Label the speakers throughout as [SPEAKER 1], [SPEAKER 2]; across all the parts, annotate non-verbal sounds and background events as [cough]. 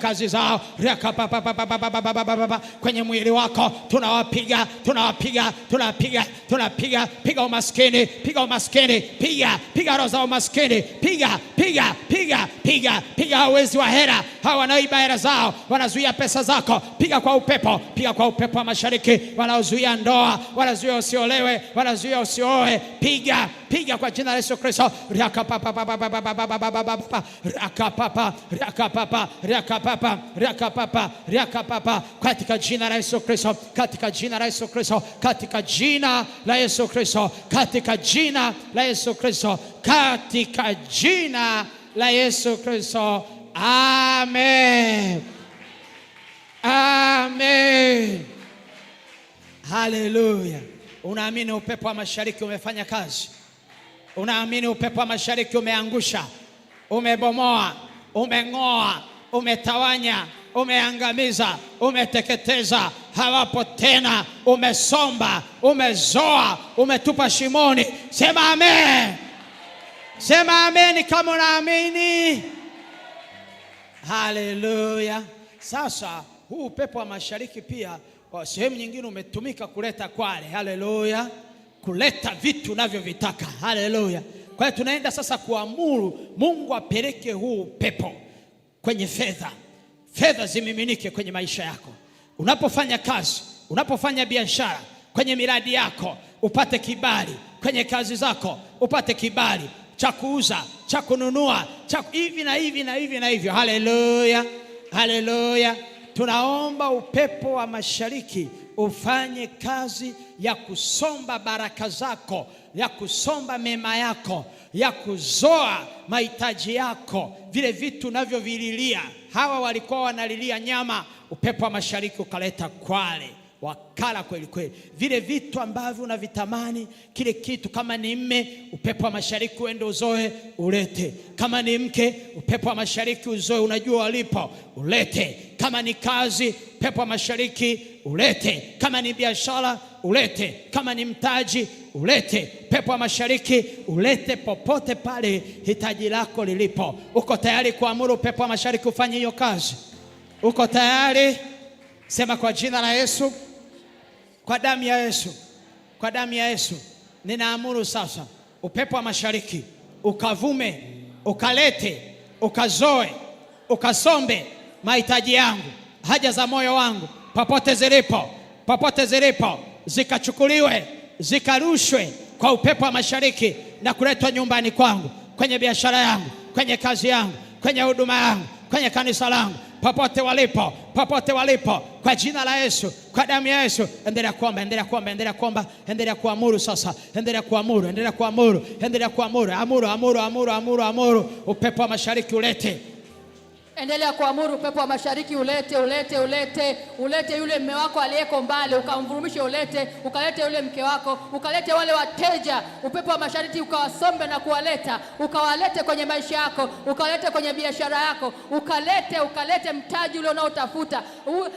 [SPEAKER 1] kazi zao kwenye mwili wako, tunawapiga tunawapiga tunapiga tunapiga. Piga umaskini, piga umaskini, piga piga roho za umaskini, piga piga piga piga piga hao wezi wa hera, hawa wanaoiba hera zao, wanazuia pesa zako, piga kwa upepo, piga kwa upepo wa mashariki, wanaozuia ndoa, wanazuia usiolewe, wanazuia usioe, piga piga kwa jina la Yesu Kristo papa raka papa raka papa, katika jina la Yesu Kristo, katika jina la Yesu Kristo, katika jina la Yesu Kristo, katika jina la Yesu Kristo, katika jina la Yesu Kristo. Amen, amen, haleluya. Unaamini upepo wa mashariki umefanya kazi? Unaamini upepo wa mashariki umeangusha, umebomoa, umeng'oa umetawanya, umeangamiza, umeteketeza, hawapo tena, umesomba, umezoa, umetupa shimoni. Sema amen, sema amen kama unaamini. Haleluya! Sasa huu upepo wa mashariki pia kwa sehemu nyingine umetumika kuleta kwale, haleluya, kuleta vitu unavyovitaka, haleluya. Kwa hiyo tunaenda sasa kuamuru Mungu apeleke huu upepo kwenye fedha, fedha zimiminike kwenye maisha yako. Unapofanya kazi, unapofanya biashara, kwenye miradi yako upate kibali, kwenye kazi zako upate kibali cha kuuza, cha kununua, cha hivi na hivi na hivi na hivyo. Haleluya, haleluya! Tunaomba upepo wa mashariki ufanye kazi ya kusomba baraka zako ya kusomba mema yako, ya kuzoa mahitaji yako, vile vitu unavyovililia. Hawa walikuwa wanalilia nyama, upepo wa mashariki ukaleta kwale wakala kweli kweli. Vile vitu ambavyo unavitamani, kile kitu, kama ni mme, upepo wa mashariki uende uzoe ulete, kama ni mke, upepo wa mashariki uzoe, unajua walipo ulete kama ni kazi, pepo wa mashariki ulete. Kama ni biashara, ulete. Kama ni mtaji, ulete. Pepo wa mashariki ulete, popote pale hitaji lako lilipo. Uko tayari kuamuru pepo wa mashariki ufanye hiyo kazi? Uko tayari? Sema kwa jina la Yesu, kwa damu ya Yesu, kwa damu ya Yesu, ninaamuru sasa upepo wa mashariki ukavume, ukalete, ukazoe, ukasombe mahitaji yangu, haja za moyo wangu, popote zilipo, popote zilipo, zikachukuliwe, zikarushwe kwa upepo wa mashariki na kuletwa nyumbani kwangu, kwenye biashara yangu, kwenye kazi yangu, kwenye huduma yangu, kwenye kanisa langu, popote walipo, popote walipo, kwa jina la Yesu, kwa damu ya Yesu. Endelea kuomba, endelea kuomba, endelea kuomba, endelea kuamuru sasa, endelea kuamuru, endelea kuamuru, endelea kuamuru, amuru, amuru, amuru, amuru, amuru, upepo wa mashariki ulete
[SPEAKER 2] Endelea kuamuru upepo wa mashariki ulete, ulete, ulete, ulete yule mme wako aliyeko mbali, ukamvurumishe, ulete, ukalete yule mke wako, ukalete wale wateja. Upepo wa mashariki ukawasombe na kuwaleta, ukawalete kwenye maisha yako, ukawalete kwenye biashara yako, ukalete, ukalete mtaji ule unaotafuta.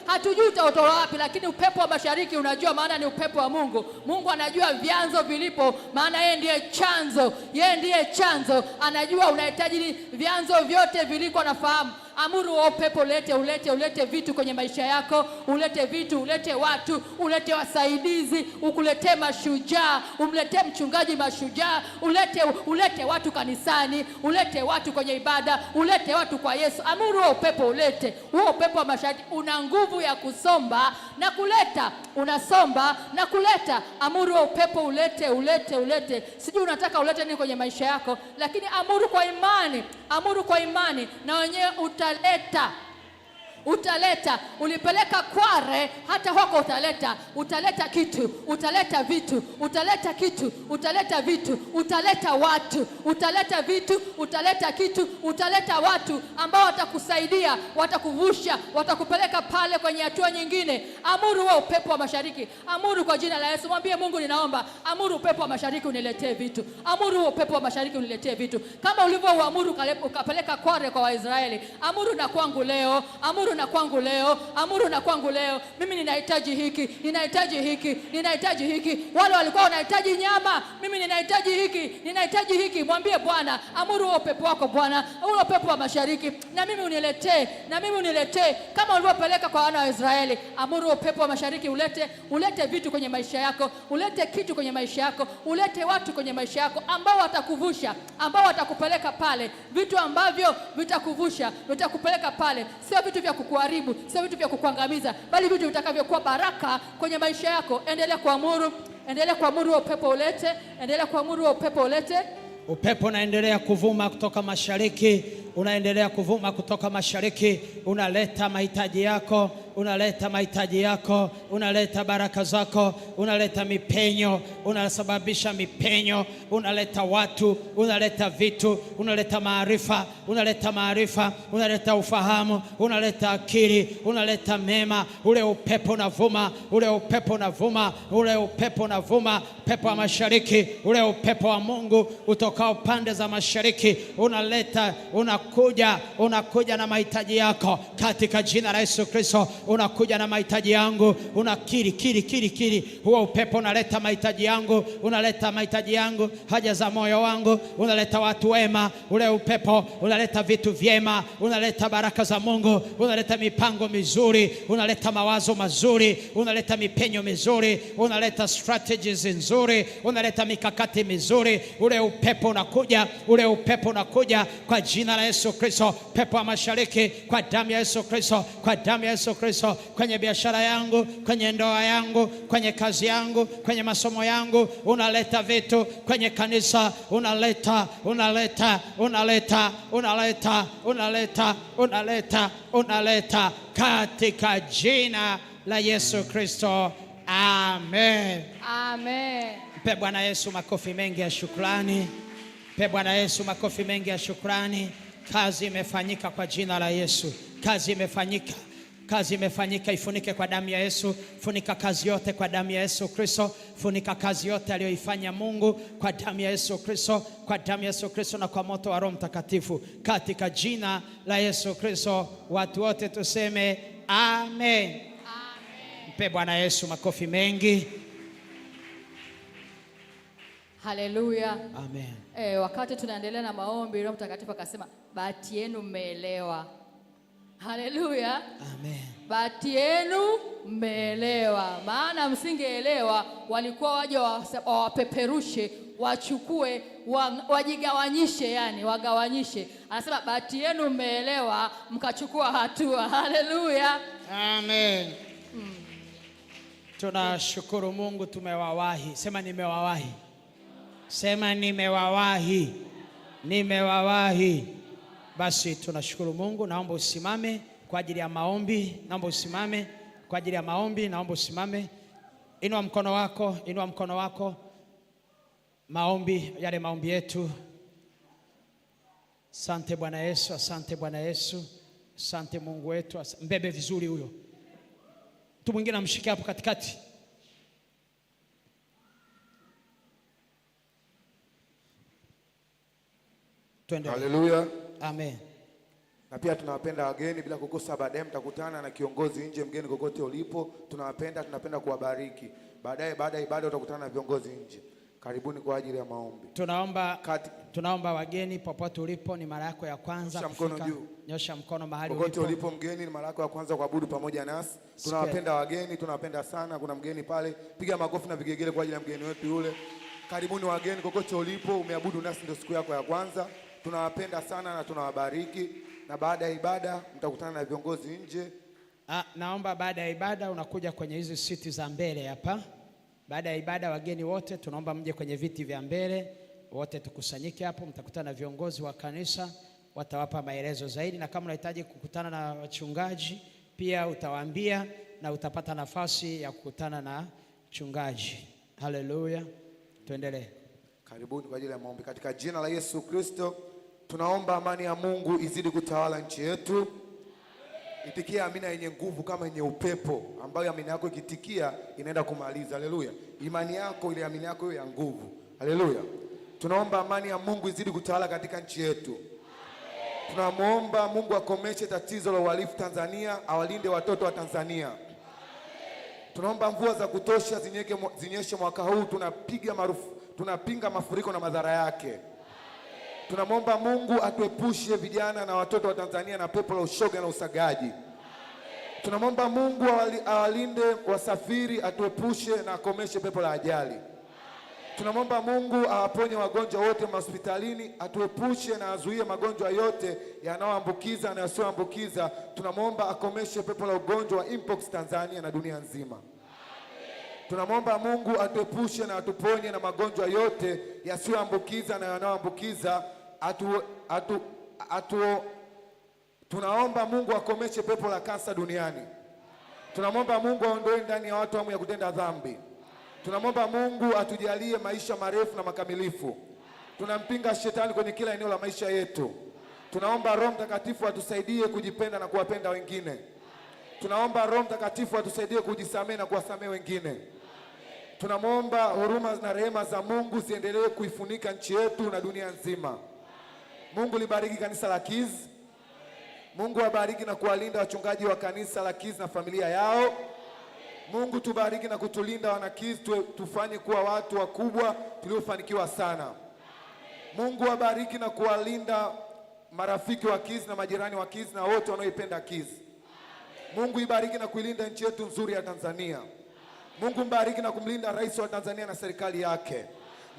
[SPEAKER 2] Hatujui utaotoa wapi, lakini upepo wa mashariki unajua, maana ni upepo wa Mungu. Mungu anajua vyanzo vilipo, maana yeye ndiye chanzo, yeye ndiye chanzo, anajua unahitaji vyanzo vyote viliko, anafahamu amuru wa oh, upepo ulete, ulete, ulete vitu kwenye maisha yako, ulete vitu, ulete watu, ulete wasaidizi, ukuletee mashujaa, umletee mchungaji mashujaa, ulete, ulete watu kanisani, ulete watu kwenye ibada, ulete watu kwa Yesu. Amuru wa oh, upepo ulete. Huo upepo wa mashariki una nguvu ya kusomba na kuleta, unasomba na kuleta. Amuru wa oh, upepo ulete, ulete, ulete. Sijui unataka ulete nini kwenye maisha yako, lakini amuru kwa imani, amuru kwa imani na wenyewe uta utaleta utaleta, ulipeleka Kware, hata huko utaleta, utaleta kitu, utaleta vitu, utaleta kitu, utaleta vitu, utaleta watu, utaleta vitu, utaleta kitu, utaleta watu ambao watakusaidia, watakuvusha, watakupeleka pale kwenye hatua nyingine. Amuru wewe upepo wa mashariki, amuru kwa jina la Yesu, mwambie Mungu, ninaomba amuru upepo wa mashariki uniletee vitu, amuru wewe upepo wa mashariki uniletee vitu, kama ulivyouamuru ukapeleka Kware kwa Waisraeli, amuru na kwangu leo, amuru amuru na kwangu leo, amuru na kwangu leo, mimi ninahitaji hiki, ninahitaji hiki, ninahitaji hiki. Wale walikuwa wanahitaji nyama, mimi ninahitaji hiki, ninahitaji hiki. Mwambie Bwana, amuru huo upepo wako Bwana, ule upepo wa mashariki, na mimi uniletee, na mimi uniletee kama ulivyopeleka kwa wana wa Israeli. Amuru upepo wa mashariki ulete, ulete vitu kwenye maisha yako, ulete kitu kwenye maisha yako, ulete watu kwenye maisha yako ambao watakuvusha, ambao watakupeleka pale, vitu ambavyo vitakuvusha, vitakupeleka pale, sio vitu vya kukuharibu, sio vitu vya kukuangamiza, bali vitu vitakavyokuwa baraka kwenye maisha yako. Endelea kuamuru, endelea kuamuru wa upepo ulete, endelea kuamuru wa upepo ulete.
[SPEAKER 1] Upepo unaendelea kuvuma kutoka mashariki, unaendelea kuvuma kutoka mashariki, unaleta mahitaji yako unaleta mahitaji yako, unaleta baraka zako, unaleta mipenyo, unasababisha mipenyo, unaleta watu, unaleta vitu, unaleta maarifa, unaleta maarifa, unaleta ufahamu, unaleta akili, unaleta mema. Ule upepo unavuma, ule upepo unavuma, ule upepo unavuma, upepo wa mashariki, ule upepo wa Mungu utokao pande za mashariki, unaleta unakuja, unakuja na mahitaji yako katika jina la Yesu Kristo unakuja na mahitaji yangu, unakiri kiri kiri kiri. Huo upepo unaleta mahitaji yangu, unaleta mahitaji yangu, haja za moyo wangu, unaleta watu wema. Ule upepo unaleta vitu vyema, unaleta baraka za Mungu, unaleta mipango mizuri, unaleta mawazo mazuri, unaleta mipenyo mizuri, unaleta strategies nzuri, unaleta mikakati mizuri. Ule upepo unakuja, ule upepo unakuja kwa jina la Yesu Kristo, pepo wa mashariki, kwa damu ya Yesu Kristo, kwa damu ya Yesu Kristo. Kristo kwenye biashara yangu, kwenye ndoa yangu, kwenye kazi yangu, kwenye masomo yangu, unaleta vitu kwenye kanisa, unaleta unaleta unaleta unaleta unaleta unaleta unaleta katika jina la Yesu Kristo, amen,
[SPEAKER 2] amen.
[SPEAKER 1] Mpe Bwana Yesu makofi mengi ya shukrani. Mpe Bwana Yesu makofi mengi ya shukrani. Kazi imefanyika kwa jina la Yesu, kazi imefanyika. Kazi imefanyika, ifunike kwa damu ya Yesu. Funika kazi yote kwa damu ya Yesu Kristo. Funika kazi yote aliyoifanya Mungu kwa damu ya Yesu Kristo, kwa damu ya Yesu Kristo na kwa moto wa Roho Mtakatifu, katika jina la Yesu Kristo. Watu wote tuseme amen, amen. Mpe Bwana Yesu makofi mengi.
[SPEAKER 2] Haleluya, amen. E, wakati tunaendelea na maombi, Roho Mtakatifu akasema, bahati yenu mmeelewa Haleluya, amen. Bahati yenu mmeelewa, maana msingeelewa walikuwa waje wawapeperushe, wachukue, wajigawanyishe, yani wagawanyishe. Anasema bahati yenu mmeelewa, mkachukua hatua. [laughs] Haleluya,
[SPEAKER 1] amen. Mm. Tunashukuru Mungu, tumewawahi. Sema nimewawahi, sema nimewawahi, nimewawahi basi tunashukuru Mungu. Naomba usimame kwa ajili ya maombi, naomba usimame kwa ajili ya maombi, naomba usimame. Inua mkono wako, inua mkono wako. Maombi yale maombi yetu. Asante Bwana Yesu, asante Bwana Yesu, asante Mungu wetu. Mbebe vizuri huyo mtu mwingine, amshike hapo katikati.
[SPEAKER 3] haleluya. Amen. Na pia tunawapenda wageni bila kukosa. Baadaye mtakutana na kiongozi nje, mgeni kokote ulipo, tunawapenda, tunapenda kuwabariki. Baadaye baada ya ibada utakutana na viongozi nje. Karibuni kwa ajili ya maombi.
[SPEAKER 1] Tunaomba, tunaomba wageni popote ulipo, ni mara yako ya kwanza
[SPEAKER 3] nyosha mkono juu,
[SPEAKER 1] nyosha mkono mahali
[SPEAKER 3] ulipo. Popote ulipo mgeni, ni mara yako ya kwanza kuabudu pamoja nasi. Tunawapenda wageni, tunawapenda sana. Kuna mgeni pale, piga makofi na vigegele kwa ajili ya mgeni wetu yule. Karibuni wageni, kokote ulipo, umeabudu nasi, ndio siku yako ya kwanza tunawapenda sana na tunawabariki, na baada ya ibada mtakutana na viongozi nje.
[SPEAKER 1] Ah, naomba baada ya ibada unakuja kwenye hizi siti za mbele hapa. Baada ya ibada, wageni wote tunaomba mje kwenye viti vya mbele, wote tukusanyike hapo, mtakutana na viongozi wa kanisa, watawapa maelezo zaidi, na kama unahitaji kukutana na wachungaji pia utawaambia na utapata nafasi ya kukutana na mchungaji. Haleluya, tuendelee.
[SPEAKER 3] Karibuni kwa ajili ya maombi katika jina la Yesu Kristo. Tunaomba amani ya Mungu izidi kutawala nchi yetu. itikia amina yenye nguvu kama yenye upepo, ambayo amina yako ikitikia inaenda kumaliza. Haleluya! imani yako ile amina yako hiyo ya nguvu. Haleluya! tunaomba amani ya Mungu izidi kutawala katika nchi yetu. Tunamwomba Mungu akomeshe tatizo la uhalifu Tanzania, awalinde watoto wa Tanzania. Tunaomba mvua za kutosha zinyeshe mwaka huu. Tunapiga marufu, tunapinga mafuriko na madhara yake. Tunamwomba Mungu atuepushe vijana na watoto wa Tanzania na pepo la ushoga na usagaji. Tunamwomba Mungu awalinde wasafiri, atuepushe na akomeshe pepo la ajali. Tunamwomba Mungu awaponye wagonjwa wote mahospitalini, atuepushe na azuie magonjwa yote yanayoambukiza na yasiyoambukiza. Tunamwomba akomeshe pepo la ugonjwa wa mpox Tanzania na dunia nzima. Tunamwomba Mungu atuepushe na atuponye na magonjwa yote yasiyoambukiza na yanayoambukiza atu, atu, atu, tunaomba Mungu akomeshe pepo la kansa duniani. Tunamwomba Mungu aondoe ndani ya watu hamu ya kutenda dhambi. Tunamwomba Mungu atujalie maisha marefu na makamilifu. Tunampinga shetani kwenye kila eneo la maisha yetu. Tunaomba Roho Mtakatifu atusaidie kujipenda na kuwapenda wengine. Tunaomba Roho Mtakatifu atusaidie kujisamehe na kuwasamehe wengine. Tunamwomba huruma na rehema za Mungu ziendelee kuifunika nchi yetu na dunia nzima. Mungu libariki kanisa la Kiz. Mungu wabariki na kuwalinda wachungaji wa kanisa la Kiz na familia yao. Mungu tubariki na kutulinda wanakiz, tufanye kuwa watu wakubwa tuliofanikiwa sana. Mungu wabariki na kuwalinda marafiki wa Kiz na majirani wa Kiz na wote wanaoipenda Kiz. Mungu ibariki na kuilinda nchi yetu nzuri ya Tanzania. Mungu mbariki na kumlinda rais wa Tanzania na serikali yake.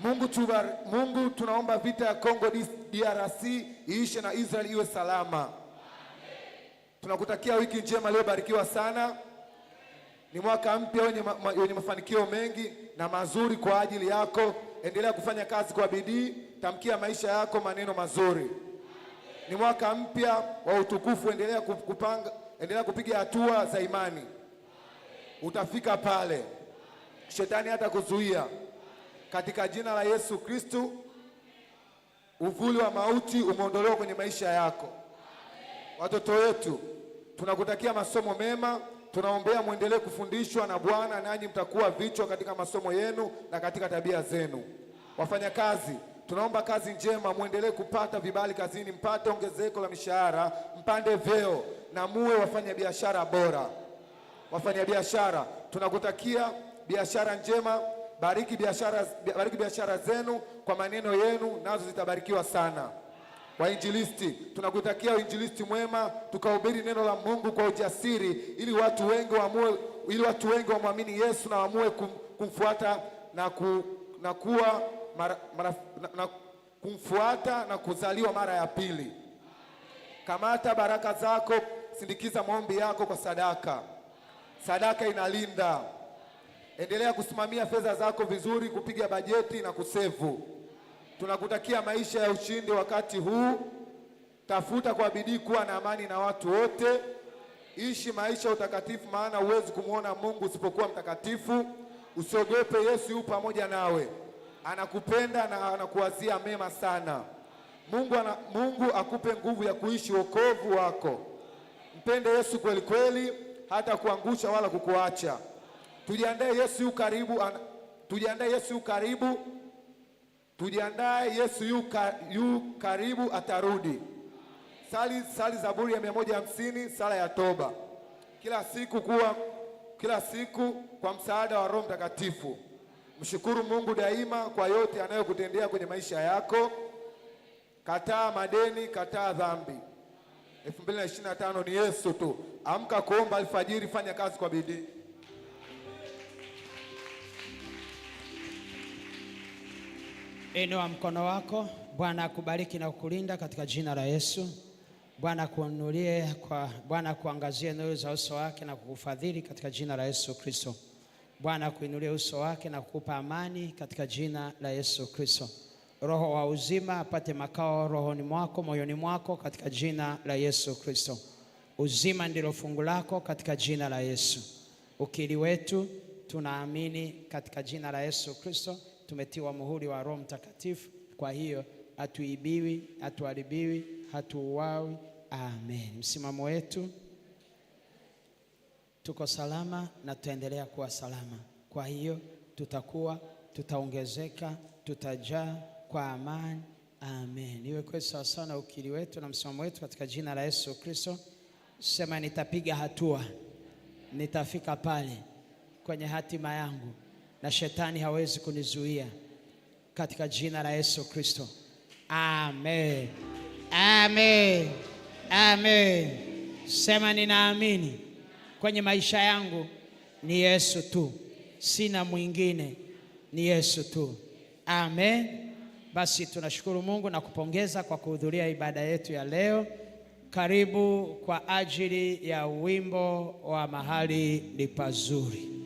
[SPEAKER 3] Mungu, tubar, Mungu tunaomba vita ya Kongo DRC iishe na Israel iwe salama. Tunakutakia wiki njema iliyobarikiwa sana. Ni mwaka mpya wenye, ma, ma, wenye mafanikio mengi na mazuri kwa ajili yako. Endelea kufanya kazi kwa bidii, tamkia maisha yako maneno mazuri. Ni mwaka mpya wa utukufu, endelea kupanga endelea kupiga hatua za imani, utafika pale, shetani hata kuzuia katika jina la Yesu Kristu. Uvuli wa mauti umeondolewa kwenye maisha yako. Watoto wetu tunakutakia masomo mema, tunaombea mwendelee kufundishwa na Bwana, nanyi mtakuwa vichwa katika masomo yenu na katika tabia zenu. Wafanyakazi, tunaomba kazi njema, mwendelee kupata vibali kazini, mpate ongezeko la mishahara, mpande vyeo na muwe wafanya biashara bora. Wafanya biashara, tunakutakia biashara njema. Bariki biashara, bariki biashara zenu kwa maneno yenu, nazo zitabarikiwa sana. Wainjilisti, tunakutakia uinjilisti mwema, tukahubiri neno la Mungu kwa ujasiri, ili watu wengi waamue, ili watu wengi wamwamini Yesu na waamue kum, kumfuata na, ku, na kuwa mara, mara, na, na, kumfuata na kuzaliwa mara ya pili. Kamata baraka zako sindikiza maombi yako kwa sadaka. Sadaka inalinda. Endelea kusimamia fedha zako vizuri, kupiga bajeti na kusevu. Tunakutakia maisha ya ushindi wakati huu. Tafuta kwa bidii kuwa na amani na watu wote. Ishi maisha ya utakatifu, maana huwezi kumwona Mungu usipokuwa mtakatifu. Usiogope, Yesu yu pamoja nawe, anakupenda na anakuwazia mema sana. Mungu, ana, Mungu akupe nguvu ya kuishi wokovu wako. Mpende Yesu kweli kweli, hata kuangusha wala kukuacha. Tujiandae Yesu yu karibu, tujiandae Yesu yu karibu, tujiandae Yesu yu karibu, atarudi. Sali, sali Zaburi ya mia moja hamsini, sala ya toba kila siku, kuwa kila siku kwa msaada wa Roho Mtakatifu. Mshukuru Mungu daima kwa yote anayokutendea kwenye maisha yako. Kataa madeni, kataa dhambi. 2025 ni Yesu tu. Amka kuomba alfajiri, fanya kazi kwa bidii.
[SPEAKER 1] Inua mkono wako. Bwana akubariki na kukulinda katika jina la Yesu. Bwana akuinulie kwa Bwana akuangazie nuru za uso wake na kukufadhili katika jina la Yesu Kristo. Bwana akuinulie uso wake na kukupa amani katika jina la Yesu Kristo roho wa uzima apate makao rohoni mwako, moyoni mwako, katika jina la Yesu Kristo. Uzima ndilo fungu lako katika jina la Yesu. Ukili wetu tunaamini katika jina la Yesu Kristo, tumetiwa muhuri wa Roho Mtakatifu. Kwa hiyo hatuibiwi, hatuharibiwi, hatuuawi. Amen. Msimamo wetu, tuko salama na tutaendelea kuwa salama. Kwa hiyo tutakuwa, tutaongezeka, tutajaa kwa amani. Amen. Iwe kweli sawasawa na ukiri wetu na msimamo wetu katika jina la Yesu Kristo. Sema, nitapiga hatua, nitafika pale kwenye hatima yangu, na shetani hawezi kunizuia katika jina la Yesu Kristo. Amen. Amen. Amen. Sema, ninaamini kwenye maisha yangu ni Yesu tu, sina mwingine, ni Yesu tu. Amen. Basi tunashukuru Mungu na kupongeza kwa kuhudhuria ibada yetu ya leo. Karibu kwa ajili ya wimbo wa mahali ni pazuri.